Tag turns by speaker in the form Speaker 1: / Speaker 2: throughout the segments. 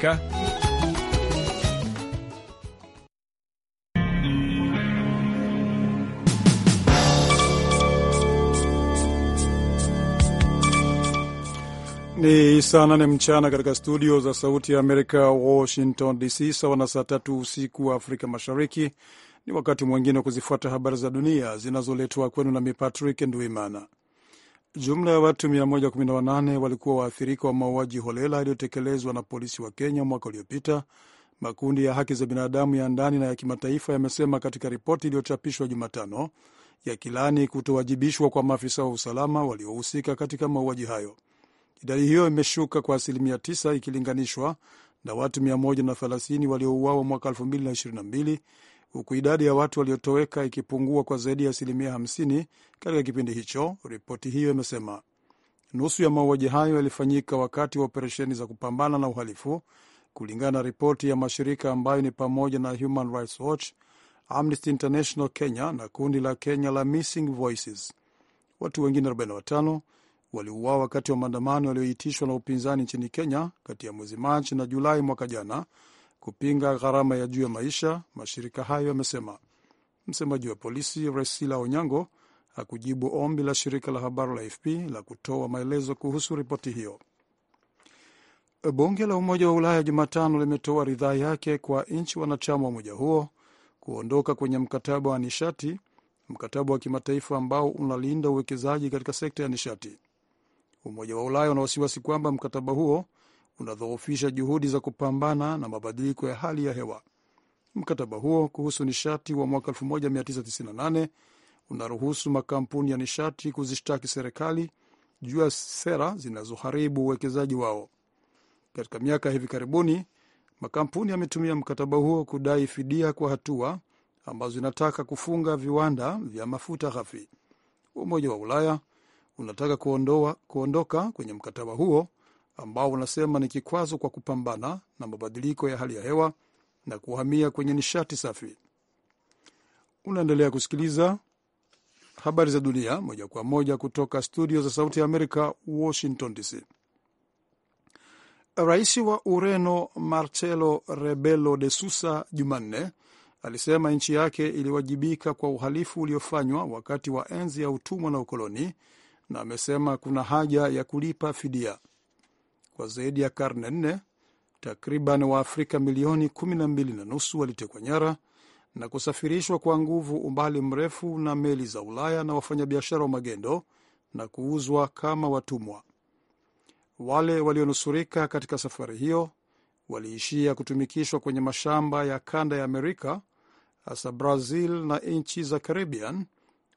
Speaker 1: Ka.
Speaker 2: Ni saa nane mchana katika studio za Sauti ya Amerika, Washington DC, sawa na saa tatu usiku wa Afrika Mashariki. Ni wakati mwingine wa kuzifuata habari za dunia zinazoletwa kwenu nami Patrick Ndwimana. Jumla ya watu 118 walikuwa waathirika wa mauaji holela yaliyotekelezwa na polisi wa Kenya mwaka uliopita, makundi ya haki za binadamu ya ndani na ya kimataifa yamesema katika ripoti iliyochapishwa Jumatano, kilani kutowajibishwa kwa maafisa wa usalama waliohusika katika mauaji hayo. Idadi hiyo imeshuka kwa asilimia 9 ikilinganishwa na watu 130 waliouawa mwaka huku idadi ya watu waliotoweka ikipungua kwa zaidi ya asilimia 50 katika kipindi hicho, ripoti hiyo imesema. Nusu ya mauaji hayo yalifanyika wakati wa operesheni za kupambana na uhalifu, kulingana na ripoti ya mashirika ambayo ni pamoja na Human Rights Watch, Amnesty International Kenya na kundi la Kenya la Missing Voices. Watu wengine 45 waliuawa wakati wa maandamano yaliyoitishwa na upinzani nchini Kenya kati ya mwezi Machi na Julai mwaka jana, kupinga gharama ya juu ya maisha, mashirika hayo yamesema. Msemaji wa polisi Resila Onyango hakujibu ombi la shirika la habari la AFP la kutoa maelezo kuhusu ripoti hiyo. Bunge la Umoja wa Ulaya Jumatano limetoa ridhaa yake kwa nchi wanachama wa umoja huo kuondoka kwenye mkataba wa nishati, mkataba wa kimataifa ambao unalinda uwekezaji katika sekta ya nishati. Umoja wa Ulaya una wasiwasi kwamba mkataba huo unadhoofisha juhudi za kupambana na mabadiliko ya hali ya hewa. Mkataba huo kuhusu nishati wa mwaka 1998 unaruhusu makampuni ya nishati kuzishtaki serikali juu ya sera zinazoharibu uwekezaji wao. Katika miaka ya hivi karibuni, makampuni yametumia mkataba huo kudai fidia kwa hatua ambazo inataka kufunga viwanda vya mafuta ghafi. Umoja wa Ulaya unataka kuondoa, kuondoka kwenye mkataba huo ambao wanasema ni kikwazo kwa kupambana na mabadiliko ya hali ya hewa na kuhamia kwenye nishati safi. Unaendelea kusikiliza habari za dunia moja kwa moja kutoka studio za Sauti ya Amerika, Washington DC. Rais wa Ureno Marcelo Rebelo de Sousa Jumanne alisema nchi yake iliwajibika kwa uhalifu uliofanywa wakati wa enzi ya utumwa na ukoloni, na amesema kuna haja ya kulipa fidia kwa zaidi ya karne nne, takriban Waafrika milioni kumi na mbili na nusu walitekwa nyara na kusafirishwa kwa nguvu umbali mrefu na meli za Ulaya na wafanyabiashara wa magendo na kuuzwa kama watumwa. Wale walionusurika katika safari hiyo waliishia kutumikishwa kwenye mashamba ya kanda ya Amerika, hasa Brazil na nchi za Caribbean,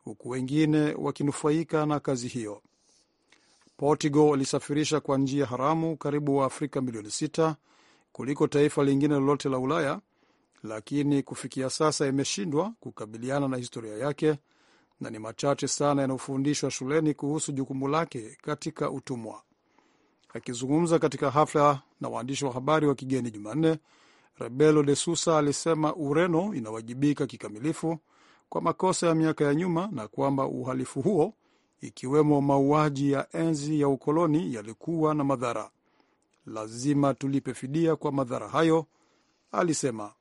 Speaker 2: huku wengine wakinufaika na kazi hiyo. Portugal ilisafirisha kwa njia haramu karibu wa afrika milioni sita kuliko taifa lingine lolote la Ulaya, lakini kufikia sasa imeshindwa kukabiliana na historia yake na ni machache sana yanayofundishwa shuleni kuhusu jukumu lake katika utumwa. Akizungumza katika hafla na waandishi wa habari wa kigeni Jumanne, Rebelo de Sousa alisema Ureno inawajibika kikamilifu kwa makosa ya miaka ya nyuma na kwamba uhalifu huo ikiwemo mauaji ya enzi ya ukoloni yalikuwa na madhara. Lazima tulipe fidia kwa madhara hayo, alisema.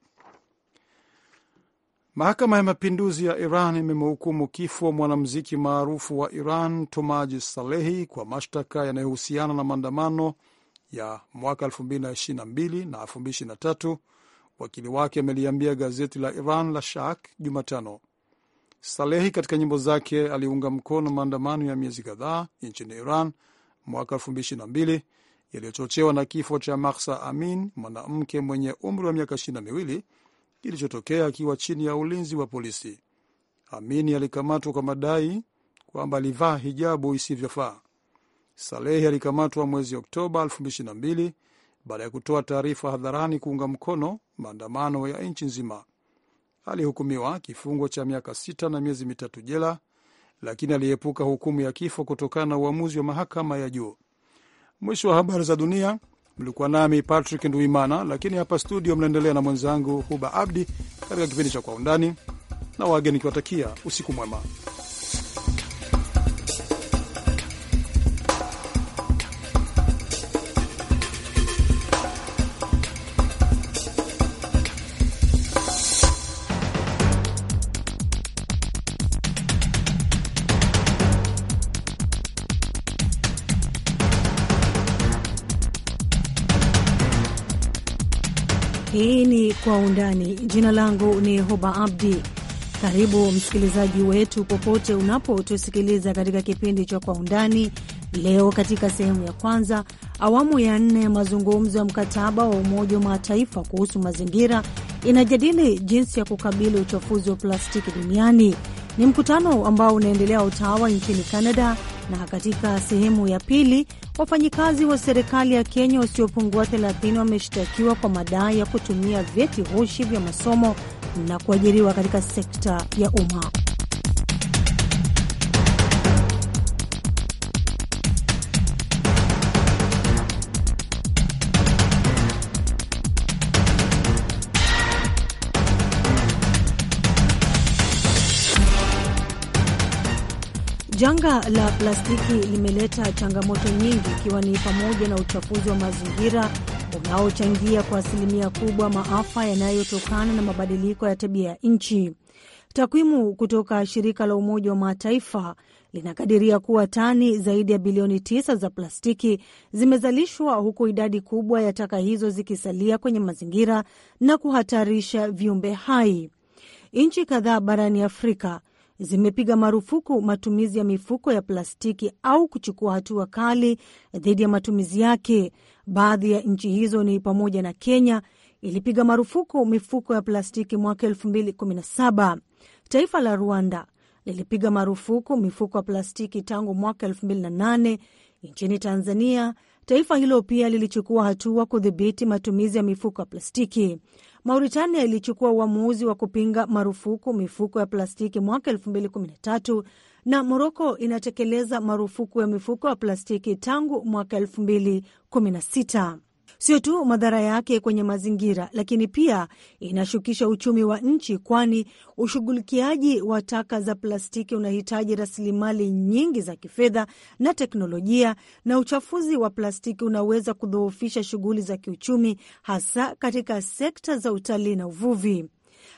Speaker 2: Mahakama ya Mapinduzi ya Iran imemhukumu kifo mwanamuziki maarufu wa Iran Tomaji Salehi kwa mashtaka yanayohusiana na maandamano ya mwaka 2022 na 2023, wakili wake ameliambia gazeti la Iran la Shak Jumatano. Salehi katika nyimbo zake aliunga mkono maandamano ya miezi kadhaa nchini Iran mwaka mbili yaliyochochewa na kifo cha Mahsa Amin, mwanamke mwenye umri wa miaka ishirini na miwili, kilichotokea akiwa chini ya ulinzi wa polisi. Amin alikamatwa kwa madai kwamba alivaa hijabu isivyofaa. Salehi alikamatwa mwezi Oktoba 2022 baada ya kutoa taarifa hadharani kuunga mkono maandamano ya nchi nzima alihukumiwa kifungo cha miaka sita na miezi mitatu jela, lakini aliepuka hukumu ya kifo kutokana na uamuzi wa mahakama ya juu. Mwisho wa habari za dunia. Mlikuwa nami Patrick Nduimana, lakini hapa studio mnaendelea na mwenzangu Huba Abdi katika kipindi cha Kwa Undani na wageni, nikiwatakia usiku mwema.
Speaker 3: kwa undani. Jina langu ni Hoba Abdi. Karibu msikilizaji wetu popote unapotusikiliza katika kipindi cha kwa undani. Leo katika sehemu ya kwanza, awamu ya nne ya mazungumzo ya mkataba wa Umoja wa Mataifa kuhusu mazingira inajadili jinsi ya kukabili uchafuzi wa plastiki duniani. Ni mkutano ambao unaendelea Ottawa nchini Canada na katika sehemu ya pili, wafanyikazi wa serikali ya Kenya wasiopungua 30 wameshtakiwa kwa madai ya kutumia vyeti ghushi vya masomo na kuajiriwa katika sekta ya umma. Janga la plastiki limeleta changamoto nyingi, ikiwa ni pamoja na uchafuzi wa mazingira unaochangia kwa asilimia kubwa maafa yanayotokana na mabadiliko ya tabia ya nchi. Takwimu kutoka shirika la Umoja wa Mataifa linakadiria kuwa tani zaidi ya bilioni tisa za plastiki zimezalishwa huku idadi kubwa ya taka hizo zikisalia kwenye mazingira na kuhatarisha viumbe hai. Nchi kadhaa barani Afrika zimepiga marufuku matumizi ya mifuko ya plastiki au kuchukua hatua kali dhidi ya matumizi yake. Baadhi ya nchi hizo ni pamoja na Kenya, ilipiga marufuku mifuko ya plastiki mwaka 2017. Taifa la Rwanda lilipiga marufuku mifuko ya plastiki tangu mwaka 2008. Nchini Tanzania, taifa hilo pia lilichukua hatua kudhibiti matumizi ya mifuko ya plastiki. Mauritania ilichukua uamuzi wa kupinga marufuku mifuko ya plastiki mwaka kumi na Moroko inatekeleza marufuku ya mifuko ya plastiki tangu mwaka elfu mbili kumi na sita. Sio tu madhara yake kwenye mazingira, lakini pia inashukisha uchumi wa nchi, kwani ushughulikiaji wa taka za plastiki unahitaji rasilimali nyingi za kifedha na teknolojia, na uchafuzi wa plastiki unaweza kudhoofisha shughuli za kiuchumi, hasa katika sekta za utalii na uvuvi.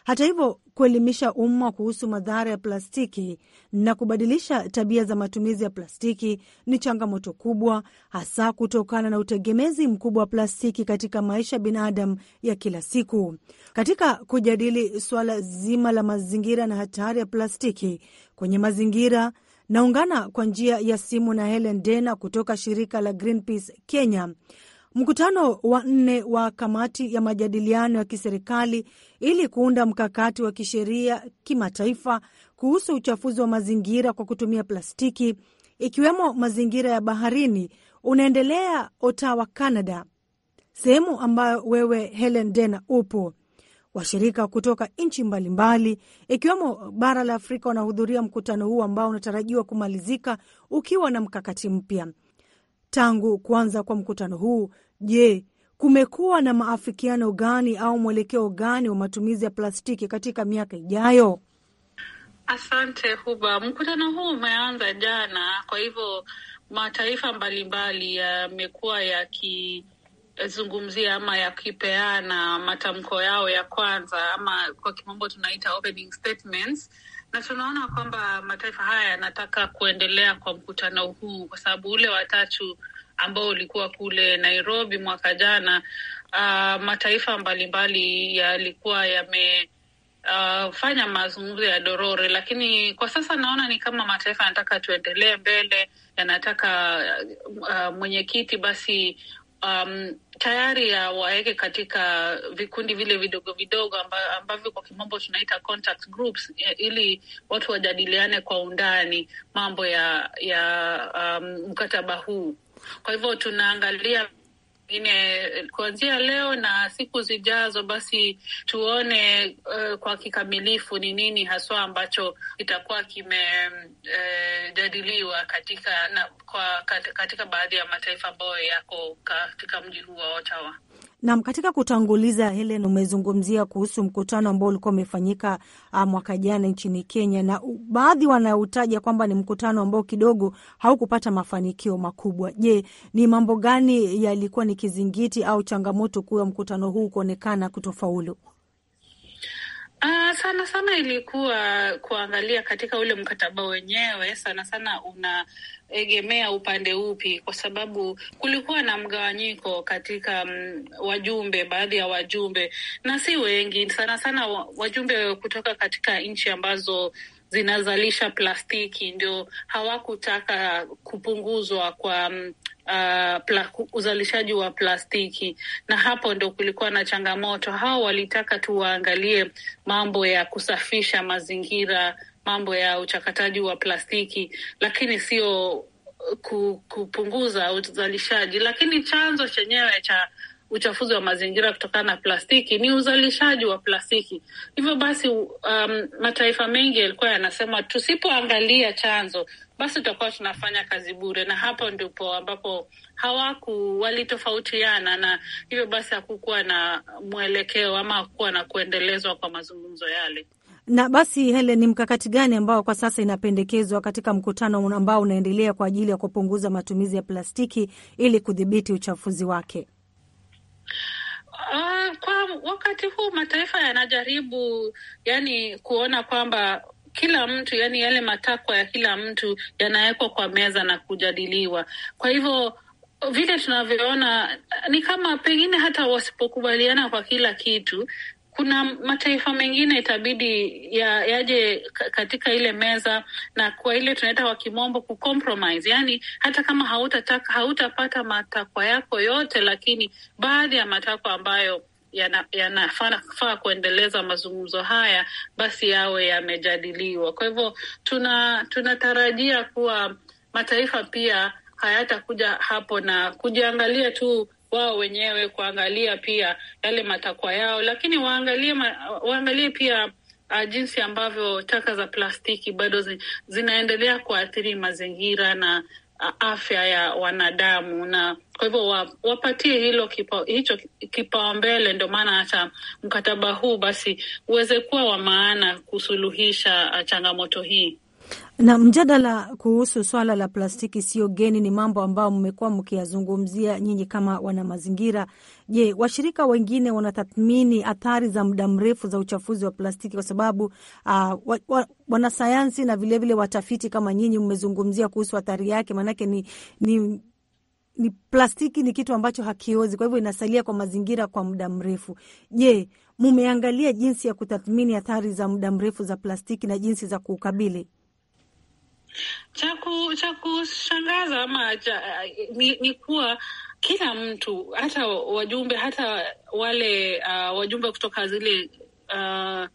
Speaker 3: Hata hivyo kuelimisha umma kuhusu madhara ya plastiki na kubadilisha tabia za matumizi ya plastiki ni changamoto kubwa, hasa kutokana na utegemezi mkubwa wa plastiki katika maisha ya binadamu ya kila siku. Katika kujadili suala zima la mazingira na hatari ya plastiki kwenye mazingira naungana kwa njia ya simu na Helen Dena kutoka shirika la Greenpeace Kenya. Mkutano wa nne wa kamati ya majadiliano ya kiserikali ili kuunda mkakati wa kisheria kimataifa kuhusu uchafuzi wa mazingira kwa kutumia plastiki ikiwemo mazingira ya baharini unaendelea Ottawa, Canada, sehemu ambayo wewe Helen Dena upo. Washirika kutoka nchi mbalimbali ikiwemo bara la Afrika wanahudhuria mkutano huu ambao unatarajiwa kumalizika ukiwa na mkakati mpya. Tangu kuanza kwa mkutano huu, je, kumekuwa na maafikiano gani au mwelekeo gani wa matumizi ya plastiki katika miaka ijayo?
Speaker 4: Asante Huba. Mkutano huu umeanza jana, kwa hivyo mataifa mbalimbali yamekuwa yakizungumzia ama yakipeana matamko yao ya kwanza, ama kwa kimombo tunaita opening statements na tunaona kwamba mataifa haya yanataka kuendelea kwa mkutano huu, kwa sababu ule watatu ambao ulikuwa kule Nairobi mwaka jana, uh, mataifa mbalimbali yalikuwa yame Uh, fanya mazungumzo ya dorore, lakini kwa sasa naona ni kama mataifa yanataka tuendelee mbele, yanataka uh, mwenyekiti basi um, tayari ya waweke katika vikundi vile vidogo vidogo amba, ambavyo kwa kimombo tunaita contact groups, e, ili watu wajadiliane kwa undani mambo ya ya um, mkataba huu. Kwa hivyo tunaangalia ingine eh, kuanzia leo na siku zijazo, basi tuone uh, kwa kikamilifu ni nini haswa ambacho kitakuwa kimejadiliwa eh, uh, katika na, kwa, katika baadhi ya mataifa ambayo yako katika
Speaker 3: mji huu wa Ottawa. Nam, katika kutanguliza, Helen, umezungumzia kuhusu mkutano ambao ulikuwa umefanyika ah, mwaka jana nchini Kenya, na baadhi wanautaja kwamba ni mkutano ambao kidogo haukupata mafanikio makubwa. Je, ni mambo gani yalikuwa ni kizingiti au changamoto kuu ya mkutano huu kuonekana kutofaulu?
Speaker 4: Ah, sana sana ilikuwa kuangalia katika ule mkataba wenyewe, sana sana unaegemea upande upi, kwa sababu kulikuwa na mgawanyiko katika m, mm, wajumbe, baadhi ya wajumbe na si wengi, sana sana wajumbe kutoka katika nchi ambazo zinazalisha plastiki ndio hawakutaka kupunguzwa kwa m, mm, uh, pla, uzalishaji wa plastiki, na hapo ndo kulikuwa na changamoto. Hao walitaka tu waangalie mambo ya kusafisha mazingira, mambo ya uchakataji wa plastiki, lakini sio uh, kupunguza uzalishaji. Lakini chanzo chenyewe cha uchafuzi wa mazingira kutokana na plastiki ni uzalishaji wa plastiki. Hivyo basi, um, mataifa mengi yalikuwa yanasema tusipoangalia chanzo basi tutakuwa tunafanya kazi bure, na hapo ndipo ambapo hawaku walitofautiana, na hivyo basi hakukuwa na mwelekeo ama hakukuwa na kuendelezwa kwa mazungumzo yale.
Speaker 3: Na basi, Helen, ni mkakati gani ambao kwa sasa inapendekezwa katika mkutano ambao unaendelea kwa ajili ya kupunguza matumizi ya plastiki ili kudhibiti uchafuzi wake?
Speaker 4: Uh, kwa wakati huu mataifa yanajaribu yani kuona kwamba kila mtu, yani yale matakwa ya kila mtu yanawekwa kwa meza na kujadiliwa. Kwa hivyo vile tunavyoona ni kama pengine hata wasipokubaliana kwa kila kitu, kuna mataifa mengine itabidi ya, yaje katika ile meza na kwa ile tunaita kwa kimombo kucompromise, yani hata kama hautataka hautapata matakwa yako yote, lakini baadhi ya matakwa ambayo yanafaa yana kuendeleza mazungumzo haya, basi yawe yamejadiliwa. Kwa hivyo tunatarajia tuna kuwa mataifa pia hayatakuja hapo na kujiangalia tu wao wenyewe, kuangalia pia yale matakwa yao, lakini waangalie waangalie pia Uh, jinsi ambavyo taka za plastiki bado zinaendelea kuathiri mazingira na afya ya wanadamu, na kwa hivyo wapatie hilo kipa, hicho kipaumbele. Ndio maana hata mkataba huu basi uweze kuwa wa maana kusuluhisha ah, changamoto hii.
Speaker 3: Na mjadala kuhusu swala la plastiki sio geni, ni mambo ambayo mmekuwa mkiyazungumzia nyinyi kama wana mazingira. Je, washirika wengine wanatathmini athari za muda mrefu za uchafuzi wa plastiki? Kwa sababu uh, wa, wa, na vilevile vile watafiti kama nyinyi mmezungumzia kuhusu athari yake, maanake ni, ni ni plastiki ni kitu ambacho hakiozi, kwa hivyo inasalia kwa mazingira kwa muda mrefu. Je, mumeangalia jinsi ya kutathmini athari za muda mrefu za plastiki na jinsi za kuukabili?
Speaker 4: Cha kushangaza ama cha, ni, ni kuwa kila mtu hata wajumbe hata wale uh, wajumbe kutoka zile uh,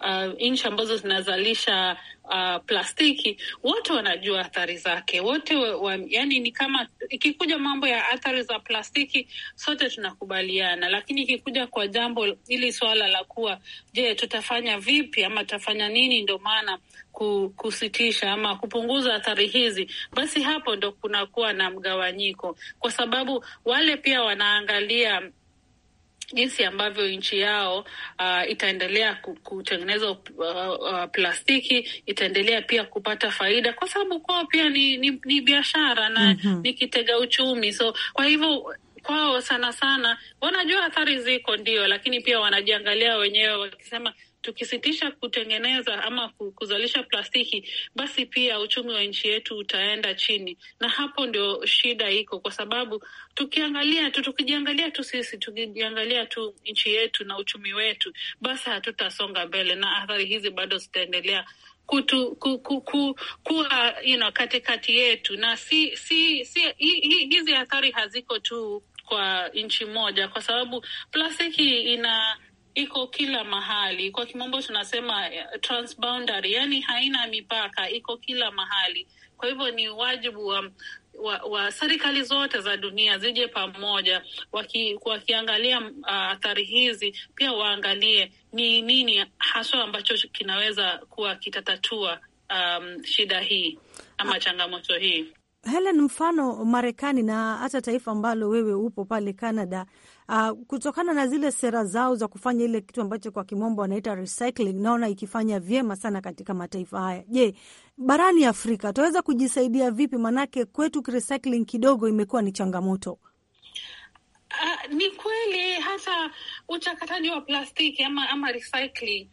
Speaker 4: uh, nchi ambazo zinazalisha uh, plastiki, wote wanajua athari zake, wote wa, yani ni kama ikikuja mambo ya athari za plastiki sote tunakubaliana, lakini ikikuja kwa jambo hili swala la kuwa je, tutafanya vipi ama tutafanya nini, ndio maana kusitisha ama kupunguza athari hizi, basi hapo ndo kunakuwa na mgawanyiko, kwa sababu wale pia wanaangalia jinsi ambavyo nchi yao uh, itaendelea kutengeneza uh, uh, plastiki, itaendelea pia kupata faida, kwa sababu kwao pia ni, ni, ni biashara na mm -hmm. ni kitega uchumi, so kwa hivyo kwao sana sana wanajua athari ziko ndio, lakini pia wanajiangalia wenyewe wakisema tukisitisha kutengeneza ama kuzalisha plastiki, basi pia uchumi wa nchi yetu utaenda chini, na hapo ndio shida iko, kwa sababu tukiangalia tu, tukijiangalia tu sisi, tukijiangalia tu nchi yetu na uchumi wetu, basi hatutasonga mbele, na athari hizi bado zitaendelea kutu, ku, ku, ku, kuwa you know, katikati yetu, na si, si, si hi, hi, hizi athari haziko tu kwa nchi moja, kwa sababu plastiki ina iko kila mahali, kwa kimombo tunasema eh, transboundary, yani haina mipaka, iko kila mahali. Kwa hivyo ni wajibu wa wa, wa serikali zote za dunia zije pamoja waki, wakiangalia ah, athari uh, hizi pia waangalie ni nini haswa ambacho kinaweza kuwa kitatatua um, shida hii ama changamoto hii.
Speaker 3: Helen, mfano Marekani na hata taifa ambalo wewe upo pale Canada uh, kutokana na zile sera zao za kufanya ile kitu ambacho kwa kimombo wanaita recycling, naona ikifanya vyema sana katika mataifa haya. Je, barani Afrika tunaweza kujisaidia vipi? Maanake kwetu recycling kidogo imekuwa ni changamoto.
Speaker 4: Uh, ni kweli hata uchakataji wa plastiki ama, ama recycling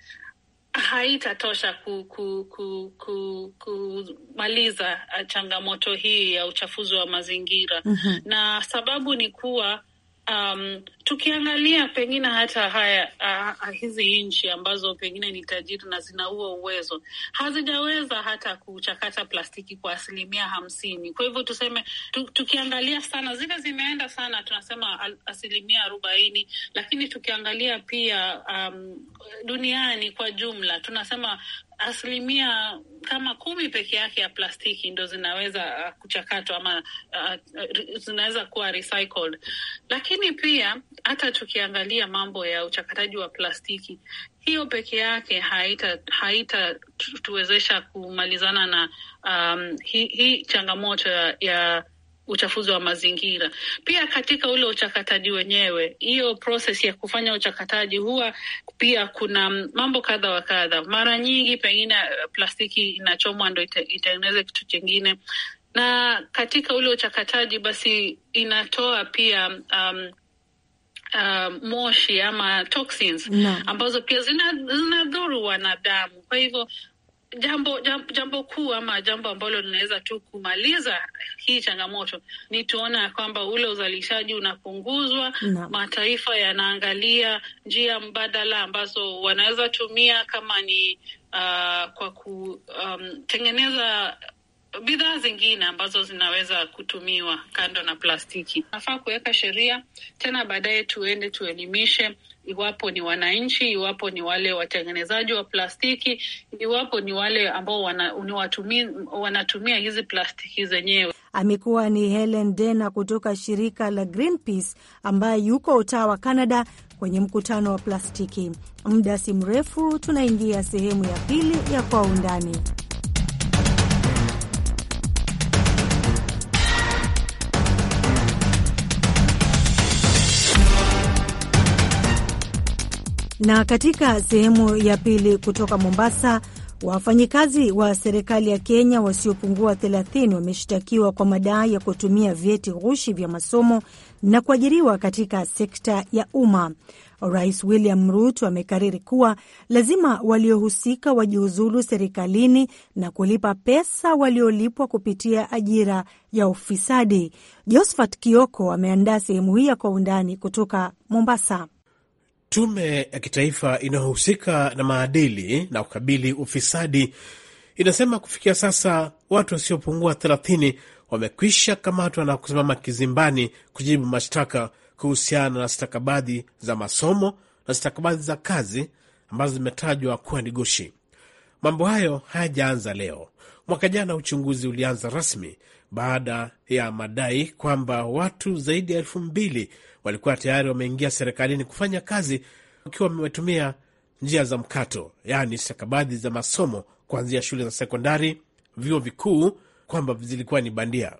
Speaker 4: haitatosha kumaliza ku, ku, ku, ku changamoto hii ya uchafuzi wa mazingira. mm -hmm. Na sababu ni kuwa um, tukiangalia pengine hata haya uh, hizi nchi ambazo pengine ni tajiri na zina huo uwezo hazijaweza hata kuchakata plastiki kwa asilimia hamsini. Kwa hivyo tuseme tu, tukiangalia sana zile zimeenda sana, tunasema asilimia arobaini, lakini tukiangalia pia um, duniani kwa jumla tunasema asilimia kama kumi peke yake ya plastiki ndo zinaweza uh, kuchakatwa ama uh, uh, zinaweza kuwa recycled. Lakini pia hata tukiangalia mambo ya uchakataji wa plastiki, hiyo peke yake haitatuwezesha haita kumalizana na um, hii hi changamoto ya uchafuzi wa mazingira. Pia katika ule uchakataji wenyewe, hiyo proses ya kufanya uchakataji huwa pia kuna mambo kadha wa kadha. Mara nyingi pengine eh, plastiki inachomwa ndo itengeneze kitu chingine, na katika ule uchakataji basi inatoa pia um, Uh, moshi ama toxins no, ambazo pia zinadhuru zina wanadamu. Kwa hivyo jambo jambo, jambo kuu ama jambo ambalo linaweza tu kumaliza hii changamoto ni tuona ya kwamba ule uzalishaji unapunguzwa no. Mataifa yanaangalia njia mbadala ambazo wanaweza tumia kama ni uh, kwa kutengeneza um, bidhaa zingine ambazo zinaweza kutumiwa kando na plastiki. Nafaa kuweka sheria tena, baadaye tuende tuelimishe iwapo ni wananchi, iwapo ni wale watengenezaji wa plastiki, iwapo ni wale ambao wana, wanatumia, wanatumia hizi plastiki zenyewe.
Speaker 3: Amekuwa ni Helen Dena kutoka shirika la Greenpeace ambaye yuko Ottawa, Canada kwenye mkutano wa plastiki. Muda si mrefu tunaingia sehemu ya pili ya kwa undani. Na katika sehemu ya pili kutoka Mombasa, wafanyikazi wa serikali ya Kenya wasiopungua 30 wameshtakiwa kwa madai ya kutumia vyeti ghushi vya masomo na kuajiriwa katika sekta ya umma. Rais William Ruto amekariri kuwa lazima waliohusika wajiuzulu serikalini na kulipa pesa waliolipwa kupitia ajira ya ufisadi. Josephat Kioko ameandaa sehemu hii ya Kwa Undani kutoka Mombasa.
Speaker 5: Tume ya kitaifa inayohusika na maadili na kukabili ufisadi inasema kufikia sasa watu wasiopungua 30 wamekwisha kamatwa na kusimama kizimbani kujibu mashtaka kuhusiana na stakabadhi za masomo na stakabadhi za kazi ambazo zimetajwa kuwa ni gushi. Mambo hayo hayajaanza leo. Mwaka jana uchunguzi ulianza rasmi baada ya madai kwamba watu zaidi ya elfu mbili walikuwa tayari wameingia serikalini kufanya kazi wakiwa wametumia njia za mkato, yaani stakabadhi za masomo kuanzia shule za sekondari, vyuo vikuu, kwamba zilikuwa ni bandia.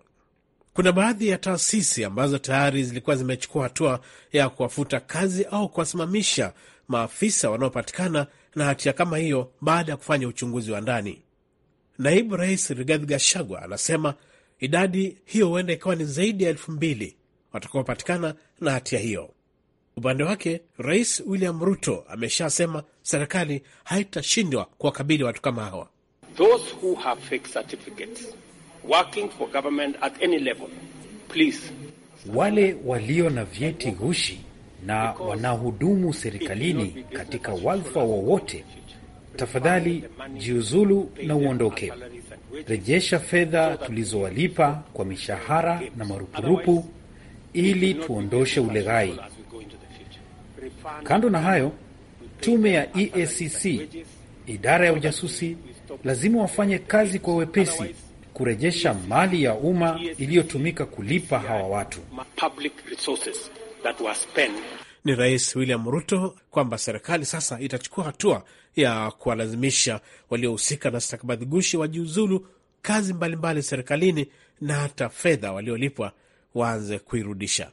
Speaker 5: Kuna baadhi ya taasisi ambazo tayari zilikuwa zimechukua hatua ya kuwafuta kazi au kuwasimamisha maafisa wanaopatikana na hatia kama hiyo baada ya kufanya uchunguzi wa ndani. Naibu Rais Rigathi Gachagua anasema idadi hiyo huenda ikawa ni zaidi ya elfu mbili watakaopatikana na hatia hiyo. Upande wake Rais William Ruto ameshasema serikali haitashindwa kuwakabili watu kama hawa.
Speaker 1: Those who have fake certificates working for government at any level, please.
Speaker 5: Wale walio na vyeti ghushi na wanaohudumu serikalini katika wadhifa wowote, tafadhali jiuzulu na uondoke. Rejesha fedha tulizowalipa kwa mishahara na marupurupu ili tuondoshe uleghai. Kando na hayo, tume ya EACC, idara ya ujasusi, lazima wafanye kazi kwa wepesi kurejesha mali ya umma iliyotumika kulipa hawa watu that were spent. Ni Rais William Ruto kwamba serikali sasa itachukua hatua ya kuwalazimisha waliohusika na stakabadhi gushi wajiuzulu kazi mbalimbali mbali serikalini na hata fedha waliolipwa waanze kuirudisha.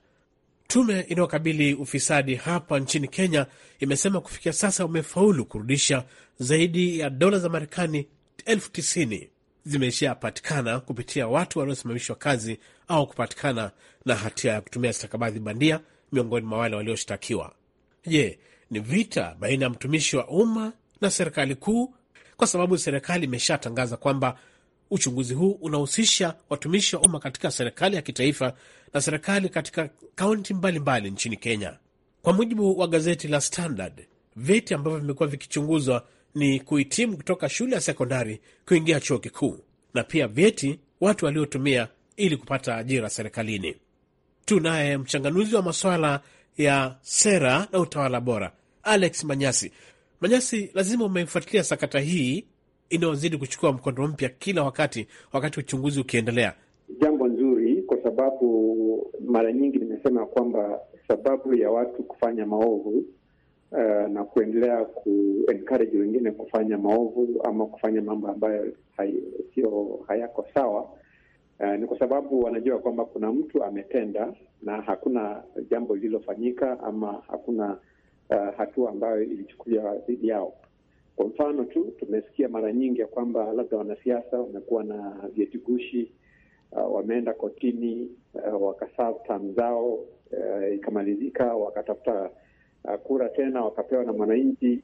Speaker 5: Tume inayokabili ufisadi hapa nchini Kenya imesema kufikia sasa wamefaulu kurudisha zaidi ya dola za Marekani elfu tisini zimeshapatikana kupitia watu waliosimamishwa kazi au kupatikana na hatia ya kutumia stakabadhi bandia miongoni mwa wale walioshtakiwa. Je, ni vita baina ya mtumishi wa umma na serikali kuu? Kwa sababu serikali imeshatangaza kwamba uchunguzi huu unahusisha watumishi wa umma katika serikali ya kitaifa na serikali katika kaunti mbalimbali nchini Kenya. Kwa mujibu wa gazeti la Standard, vyeti ambavyo vimekuwa vikichunguzwa ni kuhitimu kutoka shule ya sekondari kuingia chuo kikuu na pia vyeti watu waliotumia ili kupata ajira serikalini tunaye mchanganuzi wa maswala ya sera na utawala bora Alex Manyasi. Manyasi, lazima umeifuatilia sakata hii inayozidi kuchukua mkondo mpya kila wakati, wakati uchunguzi ukiendelea.
Speaker 1: Jambo nzuri, kwa sababu mara nyingi nimesema kwamba sababu ya watu kufanya maovu uh, na kuendelea ku wengine kufanya maovu ama kufanya mambo ambayo hay, sio hayako sawa Uh, ni kwa sababu wanajua kwamba kuna mtu ametenda na hakuna jambo lililofanyika ama hakuna uh, hatua ambayo ilichukuliwa dhidi yao. Kwa mfano tu tumesikia mara nyingi ya kwamba labda wanasiasa wamekuwa na vyeti gushi uh, wameenda kotini uh, wakasaa tam zao uh, ikamalizika, wakatafuta uh, kura tena wakapewa na mwananchi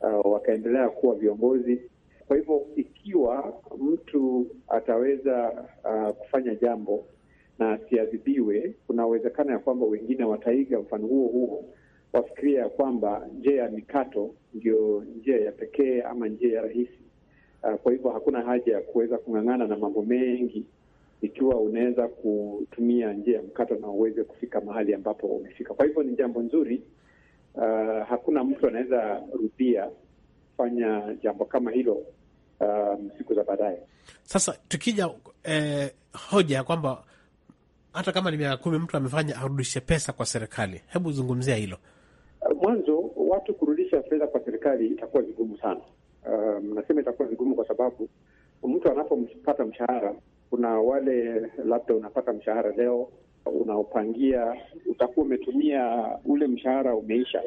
Speaker 1: uh, wakaendelea kuwa viongozi kwa hivyo ikiwa mtu ataweza uh, kufanya jambo na asiadhibiwe, kuna uwezekano ya kwamba wengine wataiga mfano huo huo, wafikiria ya kwamba njia ya mikato ndio njia ya pekee ama njia ya rahisi. Uh, kwa hivyo hakuna haja ya kuweza kung'ang'ana na mambo mengi ikiwa unaweza kutumia njia ya mkato na uweze kufika mahali ambapo umefika. Kwa hivyo ni jambo nzuri. Uh, hakuna mtu anaweza rudia fanya jambo kama hilo um, siku za baadaye.
Speaker 5: Sasa tukija eh, hoja ya kwamba hata kama ni miaka kumi mtu amefanya arudishe pesa kwa serikali, hebu zungumzia hilo
Speaker 1: mwanzo. Watu kurudisha fedha kwa serikali itakuwa vigumu sana. Um, nasema itakuwa vigumu kwa sababu mtu anapopata mshahara, kuna wale labda unapata mshahara leo unaopangia utakuwa umetumia ule mshahara umeisha,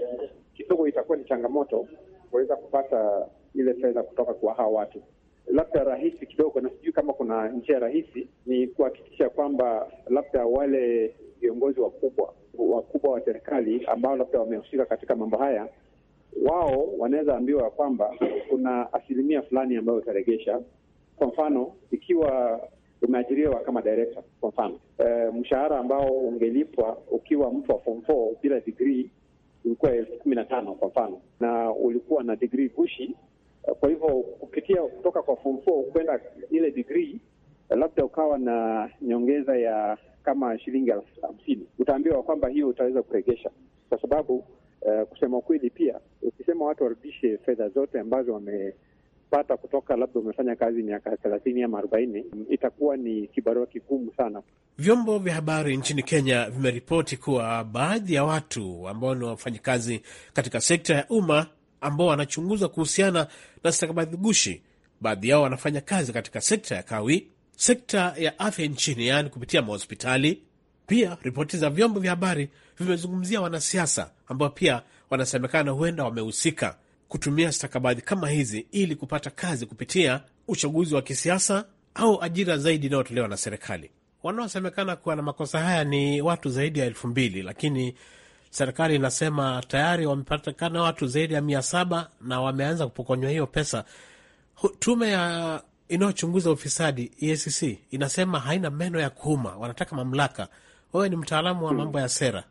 Speaker 1: kidogo itakuwa ni changamoto kuweza kupata ile fedha kutoka kwa hawa watu. Labda rahisi kidogo, na sijui kama kuna njia rahisi, ni kuhakikisha kwamba labda wale viongozi wakubwa wakubwa wa serikali ambao labda wamehusika katika mambo haya, wao wanaweza ambiwa kwamba kuna asilimia fulani ambayo utaregesha. Kwa mfano, ikiwa umeajiriwa kama director kwa mfano e, mshahara ambao ungelipwa ukiwa mtu wa form bila digrii ulikuwa elfu kumi na tano kwa mfano, na ulikuwa na digrii gushi kwa hivyo kupitia kutoka kwa form four kwenda ile degree, labda ukawa na nyongeza ya kama shilingi elfu hamsini, utaambiwa kwamba hiyo utaweza kuregesha, kwa sababu uh, kusema ukweli pia ukisema watu warudishe fedha zote ambazo wamepata kutoka labda umefanya kazi miaka thelathini ama arobaini, itakuwa ni kibarua kigumu sana.
Speaker 5: Vyombo vya habari nchini Kenya vimeripoti kuwa baadhi ya watu ambao ni wafanyakazi katika sekta ya umma ambao wanachunguza kuhusiana na stakabadhi gushi. Baadhi yao wanafanya kazi katika sekta ya kawi, sekta ya afya nchini, yaani kupitia mahospitali. Pia ripoti za vyombo vya habari vimezungumzia wanasiasa ambao pia wanasemekana huenda wamehusika kutumia stakabadhi kama hizi ili kupata kazi kupitia uchaguzi wa kisiasa au ajira zaidi inayotolewa na serikali. Wanaosemekana kuwa na makosa haya ni watu zaidi ya elfu mbili lakini serikali inasema tayari wamepatikana watu zaidi ya mia saba na wameanza kupokonywa hiyo pesa. Tume ya inayochunguza ufisadi EACC inasema haina meno ya kuuma, wanataka mamlaka. Wewe ni mtaalamu wa hmm. mambo ya sera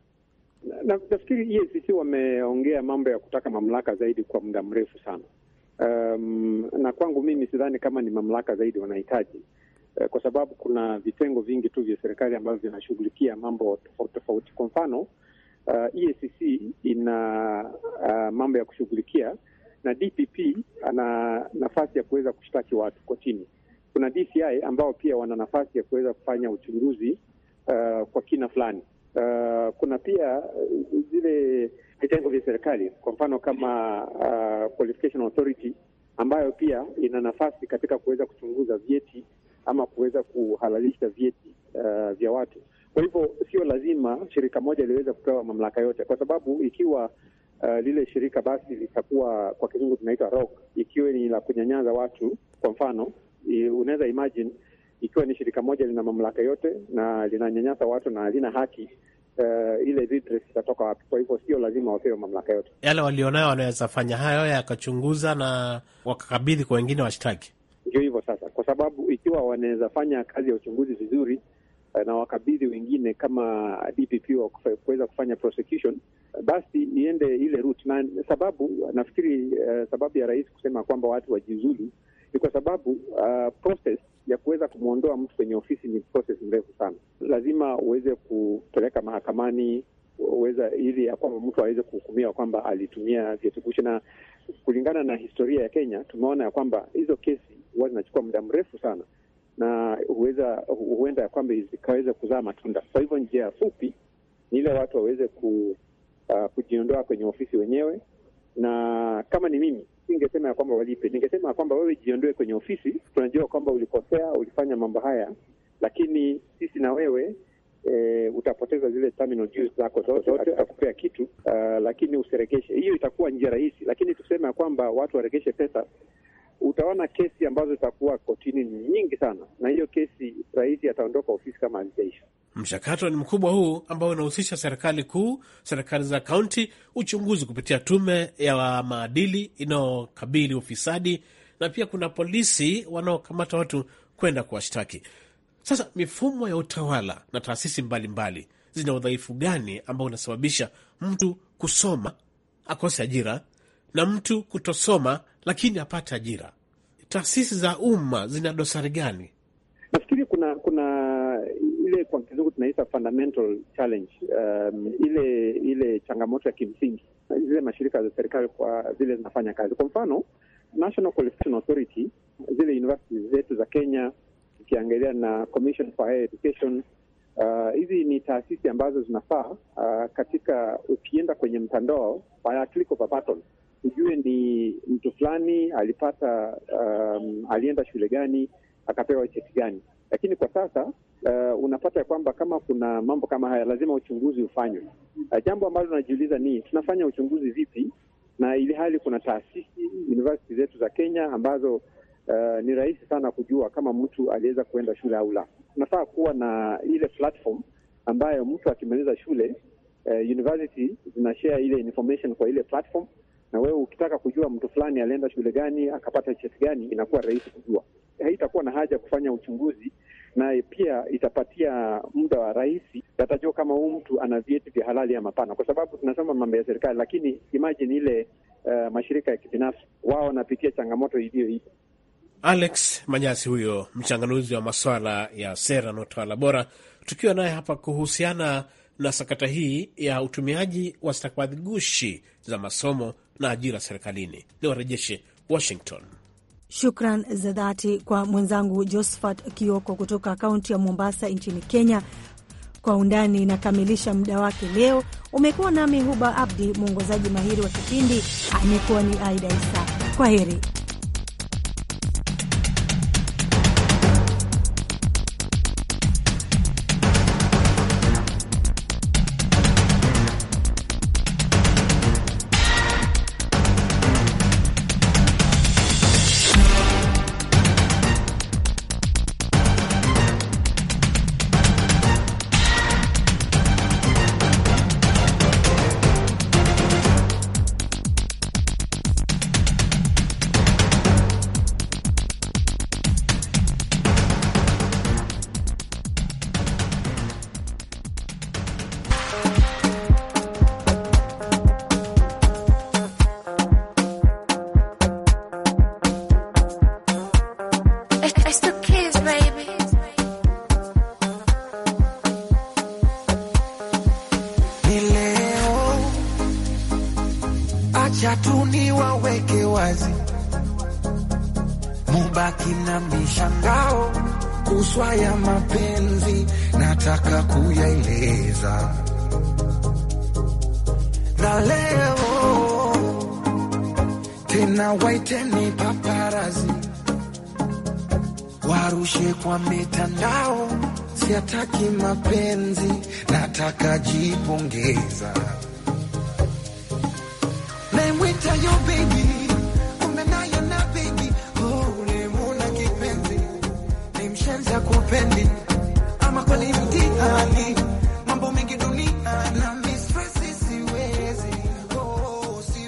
Speaker 1: na nafikiri EACC wameongea mambo ya kutaka mamlaka zaidi kwa muda mrefu sana. Um, na kwangu mimi sidhani kama ni mamlaka zaidi wanahitaji, uh, kwa sababu kuna vitengo vingi tu vya serikali ambavyo vinashughulikia mambo tofauti tofauti. Kwa mfano uh, EACC ina uh, mambo ya kushughulikia na DPP ana nafasi ya kuweza kushtaki watu kotini. Kuna DCI ambao pia wana nafasi ya kuweza kufanya uchunguzi uh, kwa kina fulani. Uh, kuna pia uh, zile vitengo vya serikali, kwa mfano kama uh, Qualification Authority ambayo pia ina nafasi katika kuweza kuchunguza vyeti ama kuweza kuhalalisha vyeti uh, vya watu. Kwa hivyo sio lazima shirika moja liweze kupewa mamlaka yote, kwa sababu ikiwa uh, lile shirika basi litakuwa kwa kizungu tunaita rock, ikiwa ni la kunyanyaza watu, kwa mfano unaweza imagine ikiwa ni shirika moja lina mamlaka yote na linanyanyasa watu na lina haki uh, ile redress itatoka wapi? Kwa hivyo sio lazima wapewe mamlaka yote.
Speaker 5: Yale walionayo wanaweza fanya hayo yakachunguza na wakakabidhi kwa wengine washtaki.
Speaker 1: Ndio hivyo sasa, kwa sababu ikiwa wanaweza fanya kazi ya uchunguzi vizuri, Eh, na wakabidhi wengine kama DPP wa kuweza kufanya prosecution, basi iende ile route. Na sababu nafikiri uh, sababu ya rais kusema kwamba watu wajiuzulu ni kwa sababu uh, process ya kuweza kumwondoa mtu kwenye ofisi ni process mrefu sana. Lazima uweze kupeleka mahakamani uweza ili ya kwamba mtu aweze kuhukumiwa kwamba alitumia vyetukushi. na kulingana na historia ya Kenya tumeona ya kwamba hizo kesi huwa zinachukua muda mrefu sana na huweza huenda ya kwamba zikaweza kuzaa matunda. Kwa hivyo njia fupi ni ile watu waweze ku, uh, kujiondoa kwenye ofisi wenyewe, na kama ni mimi singesema ya kwamba walipe, ningesema ya kwamba wewe jiondoe kwenye ofisi. Tunajua kwamba ulikosea, ulifanya mambo haya, lakini sisi na wewe E, utapoteza zile terminal dues zako zote, akupea kitu uh, lakini usiregeshe. Hiyo itakuwa njia rahisi, lakini tuseme ya kwamba watu waregeshe pesa utaona kesi ambazo zitakuwa kotini ni nyingi sana, na hiyo kesi rais ataondoka ofisi kama alijaisha.
Speaker 5: Mchakato ni mkubwa huu ambao unahusisha serikali kuu, serikali za kaunti, uchunguzi kupitia tume ya maadili inayokabili ufisadi, na pia kuna polisi wanaokamata watu kwenda kuwashtaki. Sasa mifumo ya utawala na taasisi mbalimbali zina udhaifu gani ambao unasababisha mtu kusoma akose ajira na mtu kutosoma lakini apate ajira. Taasisi za umma zina dosari gani?
Speaker 1: Nafikiri kuna kuna ile kwa kizungu tunaita fundamental challenge, um, ile ile changamoto ya kimsingi zile mashirika za serikali kwa vile zinafanya kazi. Kwa mfano National Qualification Authority, zile universities zetu za Kenya, ukiangalia na Commission for Higher Education, uh, hizi uh, ni taasisi ambazo zinafaa uh, katika ukienda kwenye mtandao wa click of a button tujue ni mtu fulani alipata um, alienda shule gani akapewa cheti gani. Lakini kwa sasa uh, unapata ya kwamba kama kuna mambo kama haya lazima uchunguzi ufanywe. Uh, jambo ambalo unajiuliza ni tunafanya uchunguzi vipi, na ili hali kuna taasisi university zetu za Kenya ambazo uh, ni rahisi sana kujua kama mtu aliweza kuenda shule au la. Tunafaa kuwa na ile platform ambayo mtu akimaliza shule uh, university zinashare ile information kwa ile platform na wewe ukitaka kujua mtu fulani alienda shule gani akapata cheti gani, inakuwa rahisi kujua. Haitakuwa na haja kufanya uchunguzi, na pia itapatia muda wa rahisi atajua kama huu mtu ana vyeti vya halali ama hapana, kwa sababu tunasema mambo ya serikali, lakini imagine ile uh, mashirika ya kibinafsi wao wanapitia changamoto iliyo hiyo.
Speaker 5: Alex Manyasi huyo mchanganuzi wa maswala ya sera na utawala bora, tukiwa naye hapa kuhusiana na sakata hii ya utumiaji wa stakabadhi gushi za masomo na ajira serikalini ni warejeshe Washington.
Speaker 3: Shukran za dhati kwa mwenzangu josphat Kioko kutoka kaunti ya Mombasa nchini Kenya. Kwa Undani inakamilisha muda wake leo. Umekuwa nami Huba Abdi, mwongozaji mahiri wa kipindi amekuwa ni Aida Isa. Kwa heri.
Speaker 5: Ni
Speaker 1: leo, acha wazi, mubaki na mishangao kuswa ya mapenzi, nataka kuyaeleza
Speaker 2: na leo tena waiteni paparazi
Speaker 1: warushe kwa mitandao. Siataki mapenzi, nataka jipongeza.
Speaker 3: Namwita yo bebi